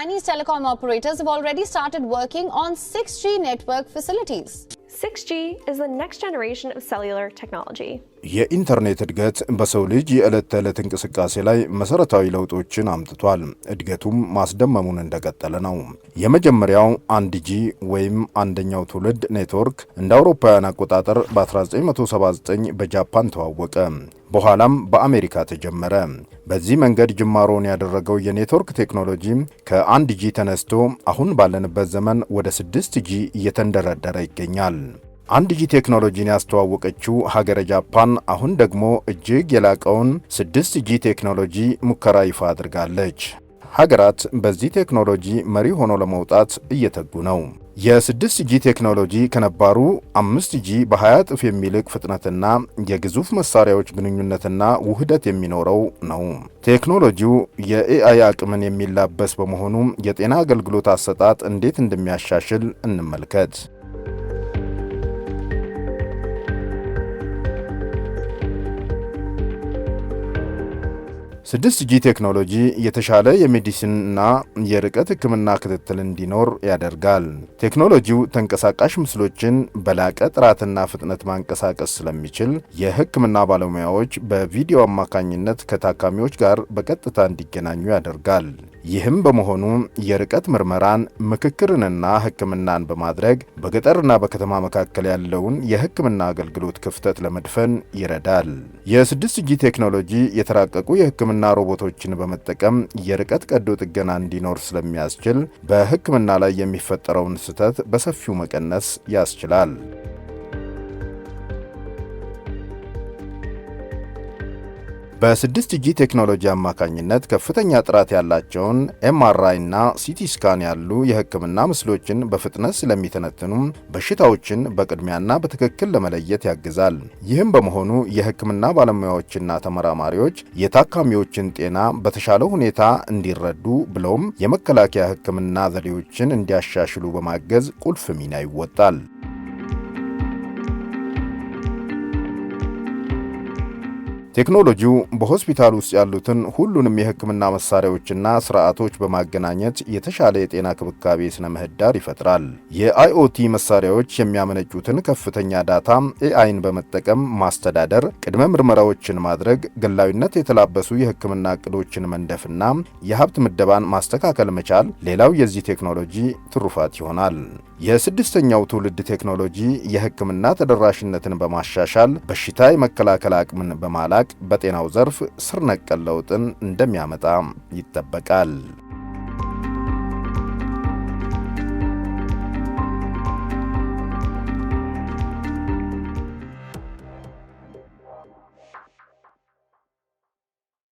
Chinese telecom operators have already started working on 6G network facilities. 6G is the next generation of cellular technology. የኢንተርኔት እድገት በሰው ልጅ የዕለት ተዕለት እንቅስቃሴ ላይ መሰረታዊ ለውጦችን አምጥቷል። እድገቱም ማስደመሙን እንደቀጠለ ነው። የመጀመሪያው አንድ ጂ ወይም አንደኛው ትውልድ ኔትወርክ እንደ አውሮፓውያን አቆጣጠር በ1979 በጃፓን ተዋወቀ። በኋላም በአሜሪካ ተጀመረ። በዚህ መንገድ ጅማሮውን ያደረገው የኔትወርክ ቴክኖሎጂ ከአንድ ጂ ተነስቶ አሁን ባለንበት ዘመን ወደ ስድስት ጂ እየተንደረደረ ይገኛል። አንድ ጂ ቴክኖሎጂን ያስተዋወቀችው ሀገረ ጃፓን አሁን ደግሞ እጅግ የላቀውን ስድስት ጂ ቴክኖሎጂ ሙከራ ይፋ አድርጋለች። ሀገራት በዚህ ቴክኖሎጂ መሪ ሆኖ ለመውጣት እየተጉ ነው። የስድስት ጂ ቴክኖሎጂ ከነባሩ አምስት ጂ በ20 እጥፍ የሚልቅ ፍጥነትና የግዙፍ መሳሪያዎች ግንኙነትና ውህደት የሚኖረው ነው። ቴክኖሎጂው የኤአይ አቅምን የሚላበስ በመሆኑ የጤና አገልግሎት አሰጣጥ እንዴት እንደሚያሻሽል እንመልከት። ስድስት ጂ ቴክኖሎጂ የተሻለ የሜዲሲንና የርቀት ሕክምና ክትትል እንዲኖር ያደርጋል። ቴክኖሎጂው ተንቀሳቃሽ ምስሎችን በላቀ ጥራትና ፍጥነት ማንቀሳቀስ ስለሚችል የሕክምና ባለሙያዎች በቪዲዮ አማካኝነት ከታካሚዎች ጋር በቀጥታ እንዲገናኙ ያደርጋል። ይህም በመሆኑ የርቀት ምርመራን፣ ምክክርንና ሕክምናን በማድረግ በገጠርና በከተማ መካከል ያለውን የሕክምና አገልግሎት ክፍተት ለመድፈን ይረዳል። የስድስት ጂ ቴክኖሎጂ የተራቀቁ የሕክምና የሕክምና ሮቦቶችን በመጠቀም የርቀት ቀዶ ጥገና እንዲኖር ስለሚያስችል በሕክምና ላይ የሚፈጠረውን ስህተት በሰፊው መቀነስ ያስችላል። በስድስት ጂ ቴክኖሎጂ አማካኝነት ከፍተኛ ጥራት ያላቸውን ኤምአርአይ እና ሲቲ ስካን ያሉ የሕክምና ምስሎችን በፍጥነት ስለሚተነትኑ በሽታዎችን በቅድሚያና በትክክል ለመለየት ያግዛል። ይህም በመሆኑ የሕክምና ባለሙያዎችና ተመራማሪዎች የታካሚዎችን ጤና በተሻለ ሁኔታ እንዲረዱ ብለውም የመከላከያ ሕክምና ዘዴዎችን እንዲያሻሽሉ በማገዝ ቁልፍ ሚና ይወጣል። ቴክኖሎጂው በሆስፒታል ውስጥ ያሉትን ሁሉንም የሕክምና መሳሪያዎችና ስርዓቶች በማገናኘት የተሻለ የጤና ክብካቤ ስነ ምህዳር ይፈጥራል። የአይኦቲ መሳሪያዎች የሚያመነጩትን ከፍተኛ ዳታ ኤአይን በመጠቀም ማስተዳደር፣ ቅድመ ምርመራዎችን ማድረግ፣ ግላዊነት የተላበሱ የሕክምና እቅዶችን መንደፍና የሀብት ምደባን ማስተካከል መቻል ሌላው የዚህ ቴክኖሎጂ ትሩፋት ይሆናል። የስድስተኛው ትውልድ ቴክኖሎጂ የሕክምና ተደራሽነትን በማሻሻል በሽታ የመከላከል አቅምን በማላቅ በጤናው ዘርፍ ስር ነቀል ለውጥን እንደሚያመጣ ይጠበቃል።